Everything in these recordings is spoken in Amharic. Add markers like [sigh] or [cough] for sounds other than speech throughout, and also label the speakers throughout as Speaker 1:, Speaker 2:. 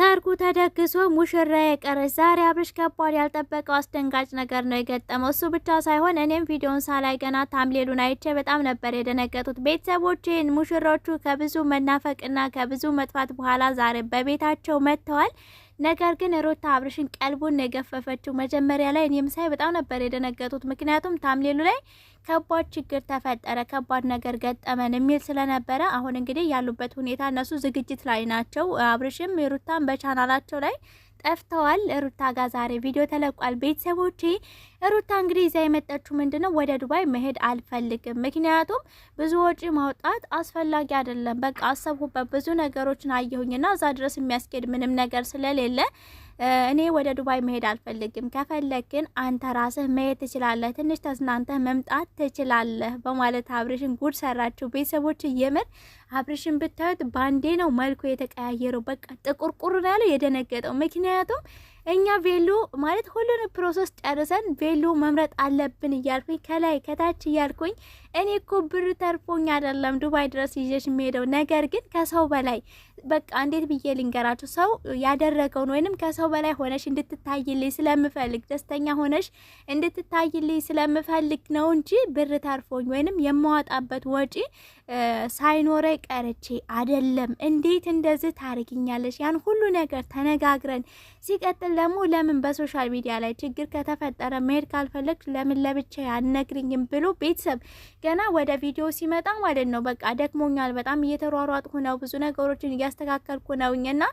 Speaker 1: ሰርጉ ተደግሶ ሙሽራ የቀረ ዛሬ አብርሽ ከባድ ያልጠበቀው አስደንጋጭ ነገር ነው የገጠመው። እሱ ብቻ ሳይሆን እኔም ቪዲዮን ሳላይ ገና ታምሌሉን አይቼ በጣም ነበር የደነገጡት። ቤተሰቦችን ሙሽሮቹ ከብዙ መናፈቅና ከብዙ መጥፋት በኋላ ዛሬ በቤታቸው መጥተዋል። ነገር ግን ሩታ አብርሽን ቀልቡን የገፈፈችው መጀመሪያ ላይ እኔም ሳይ በጣም ነበር የደነገጡት። ምክንያቱም ታምሌሉ ላይ ከባድ ችግር ተፈጠረ፣ ከባድ ነገር ገጠመን የሚል ስለነበረ አሁን እንግዲህ ያሉበት ሁኔታ እነሱ ዝግጅት ላይ ናቸው። አብርሽም ሩታን በቻናላቸው ላይ ጠፍተዋል። ሩታ ጋር ዛሬ ቪዲዮ ተለቋል። ቤተሰቦቼ ሩታ እንግዲህ እዚያ የመጣችሁ ምንድነው ነው፣ ወደ ዱባይ መሄድ አልፈልግም፣ ምክንያቱም ብዙ ወጪ ማውጣት አስፈላጊ አይደለም። በቃ አሰብሁበት፣ ብዙ ነገሮችን አየሁኝና እዛ ድረስ የሚያስኬድ ምንም ነገር ስለሌለ እኔ ወደ ዱባይ መሄድ አልፈልግም፣ ከፈለግ ግን አንተ ራስህ መሄድ ትችላለህ፣ ትንሽ ተዝናንተህ መምጣት ትችላለህ በማለት አብርሽን ጉድ ሰራችሁ ቤተሰቦች። የምር አብርሽን ብታዩት ባንዴ ነው መልኩ የተቀያየረው። በቃ ጥቁርቁር ያለው የደነገጠው ምክንያቱም እኛ ቬሎ ማለት ሁሉን ፕሮሰስ ጨርሰን ቬሎ መምረጥ አለብን እያልኩኝ ከላይ ከታች እያልኩኝ እኔ እኮ ብር ተርፎኝ አይደለም ዱባይ ድረስ ይዤሽ የሚሄደው ነገር ግን ከሰው በላይ በቃ እንዴት ብዬ ልንገራችሁ፣ ሰው ያደረገውን ወይንም ከሰው በላይ ሆነሽ እንድትታይልኝ ስለምፈልግ ደስተኛ ሆነሽ እንድትታይልኝ ስለምፈልግ ነው እንጂ ብር ተርፎኝ ወይንም የማወጣበት ወጪ ሳይኖረ ቀርቼ አይደለም። እንዴት እንደዚህ ታርግኛለሽ? ያን ሁሉ ነገር ተነጋግረን ሲቀጥል ለሙ ለምን በሶሻል ሚዲያ ላይ ችግር ከተፈጠረ መሄድ ካልፈለግ ለምን ለብቻ ያነግርኝም ብሎ ቤተሰብ ገና ወደ ቪዲዮ ሲመጣ ማለት ነው በቃ ደክሞኛል፣ በጣም እየተሯሯጥኩ ነው፣ ብዙ ነገሮችን እያስተካከልኩ ነውኝ እና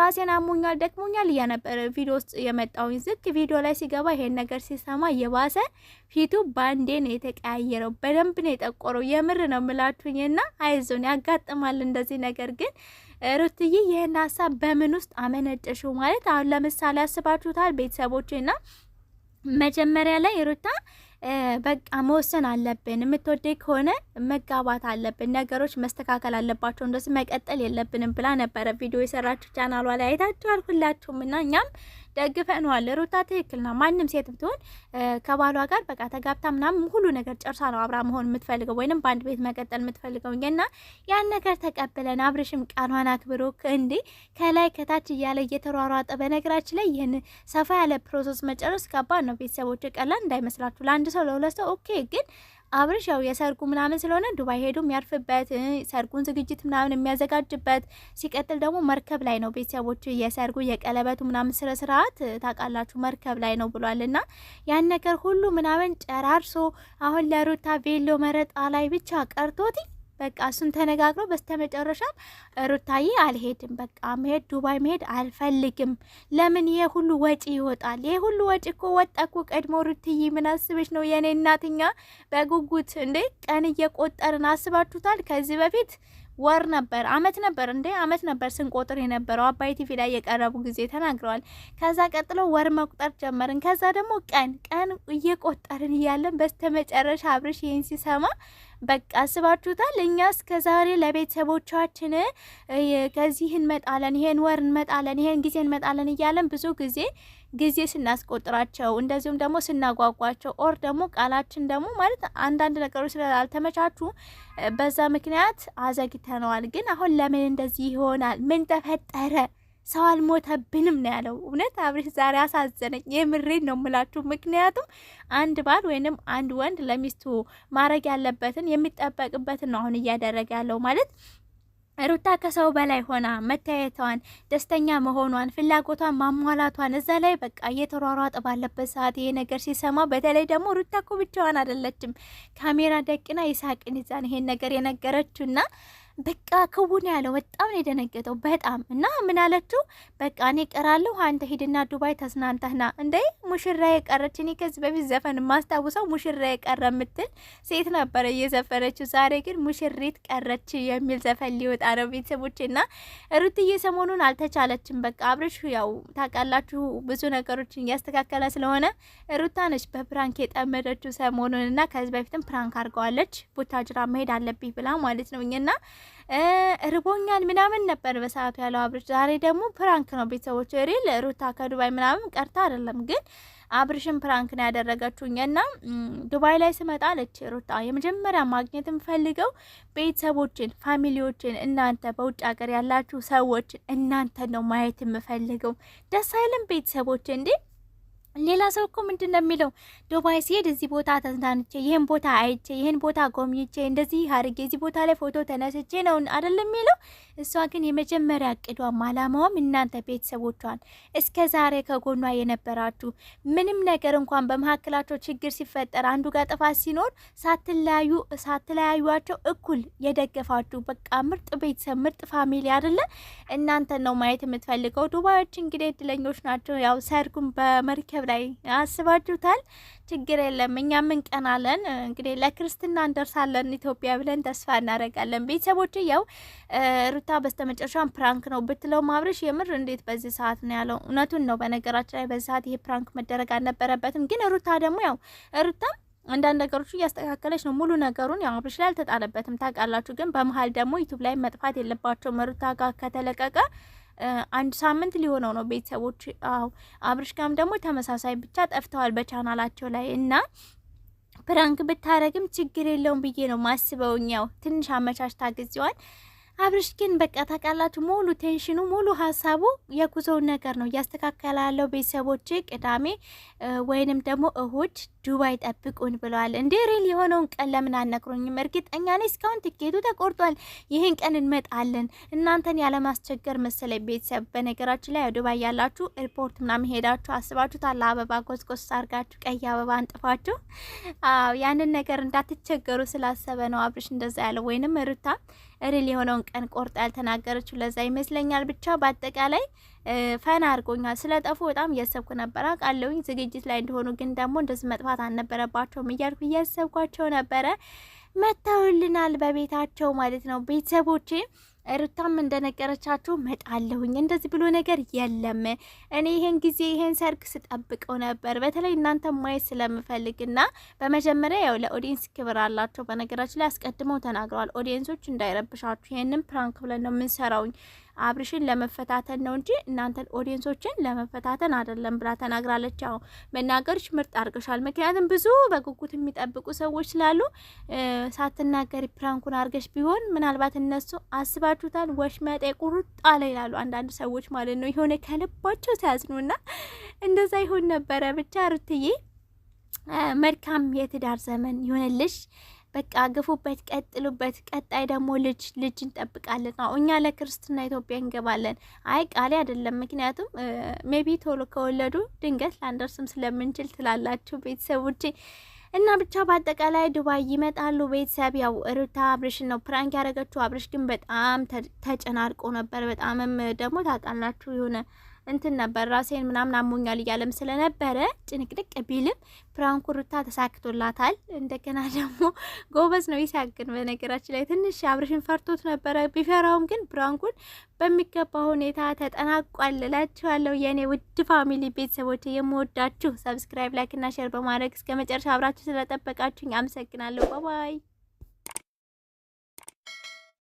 Speaker 1: ራሴን አሞኛል፣ ደክሞኛል እያነበረ ቪዲዮ ውስጥ የመጣውኝ ዝክ ቪዲዮ ላይ ሲገባ ይሄን ነገር ሲሰማ የባሰ ፊቱ ባንዴ ነው የተቀያየረው። በደንብ ነው የጠቆረው። የምር ነው ምላችሁኝ እና አይዞን ያጋጥማል እንደዚህ ነገር ግን ሩትዬ ይህን ሀሳብ በምን ውስጥ አመነጨሽው? ማለት አሁን ለምሳሌ አስባችሁታል ቤተሰቦችና መጀመሪያ ላይ ሩታ በቃ መወሰን አለብን። የምትወደኝ ከሆነ መጋባት አለብን፣ ነገሮች መስተካከል አለባቸው፣ እንደዚህ መቀጠል የለብንም ብላ ነበረ ቪዲዮ የሰራችሁ ቻናሏ ላይ አይታችኋል ሁላችሁም እና እኛም ደግፈነዋል። ሩታ ትክክል ናት። ማንም ሴት ብትሆን ከባሏ ጋር በቃ ተጋብታ ምናምን ሁሉ ነገር ጨርሳ ነው አብራ መሆን የምትፈልገው ወይንም በአንድ ቤት መቀጠል የምትፈልገው እና ያን ነገር ተቀብለን አብርሽም ቃሏን አክብሮ እንዴ ከላይ ከታች እያለ እየተሯሯጠ በነገራችን ላይ ይህን ሰፋ ያለ ፕሮሰስ መጨረስ ከባድ ነው። ቤተሰቦች ቀላል እንዳይመስላችሁ። ለአንድ ሰው ለሁለት ሰው ኦኬ ግን አብርሽ ያው የሰርጉ ምናምን ስለሆነ ዱባይ ሄዶ የሚያርፍበት ሰርጉን ዝግጅት ምናምን የሚያዘጋጅበት ሲቀጥል ደግሞ መርከብ ላይ ነው ቤተሰቦቹ የሰርጉ የቀለበቱ ምናምን ስነ ስርዓት ታውቃላችሁ መርከብ ላይ ነው ብሏል። እና ያን ነገር ሁሉ ምናምን ጨራርሶ አሁን ለሩታ ቬሎ መረጣ ላይ ብቻ ቀርቶት በቃ እሱን ተነጋግረው በስተመጨረሻም ሩታዬ አልሄድም፣ በቃ መሄድ ዱባይ መሄድ አልፈልግም። ለምን ይሄ ሁሉ ወጪ ይወጣል? ይሄ ሁሉ ወጪ እኮ ወጣ እኮ ቀድሞ። ሩትዬ ምን አስበሽ ነው? የኔ እናትኛ በጉጉት እንዴ ቀን እየቆጠርን አስባችሁታል? ከዚህ በፊት ወር ነበር አመት ነበር እንዴ አመት ነበር ስንቆጥር የነበረው አባይ ቲቪ ላይ የቀረቡ ጊዜ ተናግረዋል። ከዛ ቀጥሎ ወር መቁጠር ጀመርን። ከዛ ደግሞ ቀን ቀን እየቆጠርን እያለን በስተመጨረሻ አብርሽ ይህን ሲሰማ በቃ አስባችሁታል። እኛ እስከ ዛሬ ለቤተሰቦቻችን ከዚህ እንመጣለን፣ ይሄን ወር እንመጣለን፣ ይሄን ጊዜ እንመጣለን እያለን ብዙ ጊዜ ጊዜ ስናስቆጥራቸው እንደዚሁም ደግሞ ስናጓጓቸው ኦር ደግሞ ቃላችን ደግሞ ማለት አንዳንድ ነገሮች ስላልተመቻቹ በዛ ምክንያት አዘግተነዋል። ግን አሁን ለምን እንደዚህ ይሆናል? ምን ተፈጠረ? ሰው አልሞተብንም ነው ያለው። እውነት አብሬ ዛሬ አሳዘነኝ። የምሬን ነው ምላችሁ። ምክንያቱም አንድ ባል ወይንም አንድ ወንድ ለሚስቱ ማድረግ ያለበትን የሚጠበቅበትን ነው አሁን እያደረገ ያለው ማለት ሩታ ከሰው በላይ ሆና መታየቷን ደስተኛ መሆኗን ፍላጎቷን ማሟላቷን እዛ ላይ በቃ እየተሯሯጠ ባለበት ሰዓት ይሄ ነገር ሲሰማ፣ በተለይ ደግሞ ሩታ እኮ ብቻዋን አይደለችም። ካሜራ ደቅና ይሳቅን ይዛን ይሄን ነገር የነገረችውና በቃ ክውን ያለው በጣም ነው የደነገጠው። በጣም እና ምን አለችው? በቃ እኔ ቀራለሁ፣ አንተ ሂድና ዱባይ ተዝናንተህና። እንዴ ሙሽራ የቀረች እኔ ከዚህ በፊት ዘፈን የማስታውሰው ሙሽራ የቀረ የምትል ሴት ነበረ እየዘፈነችው። ዛሬ ግን ሙሽሪት ቀረች የሚል ዘፈን ሊወጣ ነው ቤተሰቦች። ና ሩትዬ ሰሞኑን አልተቻለችም። በቃ አብረሽ ያው ታውቃላችሁ ብዙ ነገሮችን እያስተካከለ ስለሆነ ሩታ ነች በፕራንክ የጠመደችው ሰሞኑን። እና ከዚህ በፊትም ፕራንክ አድርገዋለች። ቡታጅራ መሄድ አለብኝ ብላ ማለት ነው እና ርቦኛል ምናምን ነበር በሰዓቱ ያለው አብርሽ። ዛሬ ደግሞ ፕራንክ ነው ቤተሰቦች፣ ሪል ሩታ ከዱባይ ምናምን ቀርታ አይደለም ግን አብርሽን ፕራንክ ነው ያደረገችውኝ እና ዱባይ ላይ ስመጣ አለች ሩታ የመጀመሪያ ማግኘት የምፈልገው ቤተሰቦችን፣ ፋሚሊዎችን፣ እናንተ በውጭ ሀገር ያላችሁ ሰዎችን እናንተ ነው ማየት የምፈልገው። ደስ አይልም ቤተሰቦች እንዴ? ሌላ ሰው እኮ ምንድን ነው የሚለው? ዱባይ ሲሄድ እዚህ ቦታ ተዝናንቼ ይህን ቦታ አይቼ ይህን ቦታ ጎብኝቼ እንደዚህ አድርጌ እዚህ ቦታ ላይ ፎቶ ተነስቼ ነው አይደለም የሚለው። እሷ ግን የመጀመሪያ እቅዷም አላማዋም እናንተ ቤተሰቦቿን እስከ ዛሬ ከጎኗ የነበራችሁ ምንም ነገር እንኳን በመካከላቸው ችግር ሲፈጠር አንዱ ጋር ጥፋት ሲኖር ሳትለያዩ ሳትለያዩቸው እኩል የደገፋችሁ በቃ ምርጥ ቤተሰብ ምርጥ ፋሚሊ አይደለ? እናንተን ነው ማየት የምትፈልገው። ዱባዮች እንግዲህ እድለኞች ናቸው። ያው ሰርጉም በመርከብ ቤተሰብ ላይ አስባችሁታል። ችግር የለም እኛ እንቀናለን እንግዲህ ለክርስትና እንደርሳለን ኢትዮጵያ ብለን ተስፋ እናደርጋለን። ቤተሰቦች ያው ሩታ በስተመጨረሻን ፕራንክ ነው ብትለው ማብረሽ የምር እንዴት በዚህ ሰዓት ነው ያለው። እውነቱን ነው በነገራችን ላይ በዚህ ሰዓት ይሄ ፕራንክ መደረግ አልነበረበትም። ግን ሩታ ደግሞ ያው ሩታ አንዳንድ ነገሮች እያስተካከለች ነው። ሙሉ ነገሩን ያው አብርሽ ላይ አልተጣለበትም ታውቃላችሁ። ግን በመሀል ደግሞ ዩቱብ ላይ መጥፋት የለባቸው መሩታ ጋር ከተለቀቀ አንድ ሳምንት ሊሆነው ነው። ቤተሰቦች አዎ፣ አብርሽ ጋም ደግሞ ተመሳሳይ ብቻ ጠፍተዋል በቻናላቸው ላይ እና ፕራንክ ብታረግም ችግር የለውም ብዬ ነው ማስበውኛው። ትንሽ አመቻችታ ጊዜዋን አብርሽ ግን በቃ ታውቃላችሁ፣ ሙሉ ቴንሽኑ ሙሉ ሀሳቡ የጉዞውን ነገር ነው እያስተካከለ ያለው። ቤተሰቦች ቅዳሜ ወይንም ደግሞ እሁድ ዱባይ ጠብቁን ብለዋል። እንዴ ሬል የሆነውን ቀን ለምን አልነግሩኝም? እርግጠኛ ነኝ እስካሁን ትኬቱ ተቆርጧል። ይህን ቀን እንመጣለን እናንተን ያለማስቸገር መሰለኝ። ቤተሰብ በነገራችን ላይ ዱባይ ያላችሁ ኤርፖርት ምናምን ሄዳችሁ አስባችሁታል። አበባ ጎዝጎዝ አርጋችሁ ቀይ አበባ አንጥፋችሁ ያንን ነገር እንዳትቸገሩ ስላሰበ ነው አብርሽ እንደዛ ያለው ወይንም ሩታ ሪል የሆነውን ቀን ቆርጣ ያልተናገረችው ለዛ ይመስለኛል። ብቻ በአጠቃላይ ፈና አድርጎኛል። ስለ ጠፉ በጣም እያሰብኩ ነበረ አውቃለሁኝ። ዝግጅት ላይ እንደሆኑ ግን ደግሞ እንደዚህ መጥፋት አልነበረባቸውም እያልኩ እያሰብኳቸው ነበረ። መተውልናል በቤታቸው ማለት ነው ቤተሰቦቼ ሩታም እንደነገረቻችሁ መጣለሁኝ እንደዚህ ብሎ ነገር የለም። እኔ ይሄን ጊዜ ይሄን ሰርግ ስጠብቀው ነበር፣ በተለይ እናንተ ማየት ስለምፈልግና በመጀመሪያ ያው ለኦዲየንስ ክብር አላቸው። በነገራችን ላይ አስቀድመው ተናግረዋል። ኦዲየንሶች እንዳይረብሻችሁ፣ ይሄንን ፕራንክ ብለን ነው የምንሰራውኝ አብርሽን ለመፈታተን ነው እንጂ እናንተን ኦዲየንሶችን ለመፈታተን አይደለም ብላ ተናግራለች። አሁ መናገርሽ ምርጥ አድርገሻል። ምክንያቱም ብዙ በጉጉት የሚጠብቁ ሰዎች ስላሉ ሳትናገሪ ፕራንኩን አድርገሽ ቢሆን ምናልባት እነሱ አስባችሁታል፣ ወሽመጤ ቁርጥ አለ ይላሉ አንዳንድ ሰዎች ማለት ነው። የሆነ ከልባቸው ሲያዝኑና እንደዛ ይሆን ነበረ። ብቻ ሩትዬ መልካም የትዳር ዘመን ይሆንልሽ። በቃ ግፉበት፣ ቀጥሉበት። ቀጣይ ደግሞ ልጅ ልጅ እንጠብቃለን። አሁ እኛ ለክርስትና ኢትዮጵያ እንገባለን። አይ ቃሌ አይደለም፣ ምክንያቱም ሜቢ ቶሎ ከወለዱ ድንገት ላንደርስም ስለምንችል ትላላችሁ ቤተሰቦች እና ብቻ በአጠቃላይ ዱባይ ይመጣሉ። ቤተሰብ ያው ሩታ አብርሽን ነው ፕራንክ ያደረገችው። አብርሽ ግን በጣም ተጨናርቆ ነበር። በጣምም ደግሞ ታውቃላችሁ የሆነ እንትን ነበር ራሴን ምናምን አሞኛል እያለም ስለነበረ ጭንቅድቅ ቢልም ፕራንኩ ሩታ ተሳክቶላታል። እንደገና [laughs] ደግሞ ጎበዝ ነው ይሳግን። በነገራችን ላይ ትንሽ አብርሽን ፈርቶት ነበረ። ቢፈራውም ግን ፕራንኩን በሚገባ ሁኔታ ተጠናቋል። እላችኋለሁ የእኔ ውድ ፋሚሊ ቤተሰቦች የምወዳችሁ፣ ሰብስክራይብ፣ እና ሼር በማድረግ እስከ መጨረሻ አብራችሁ ስለጠበቃችሁኝ አመሰግናለሁ። ባባይ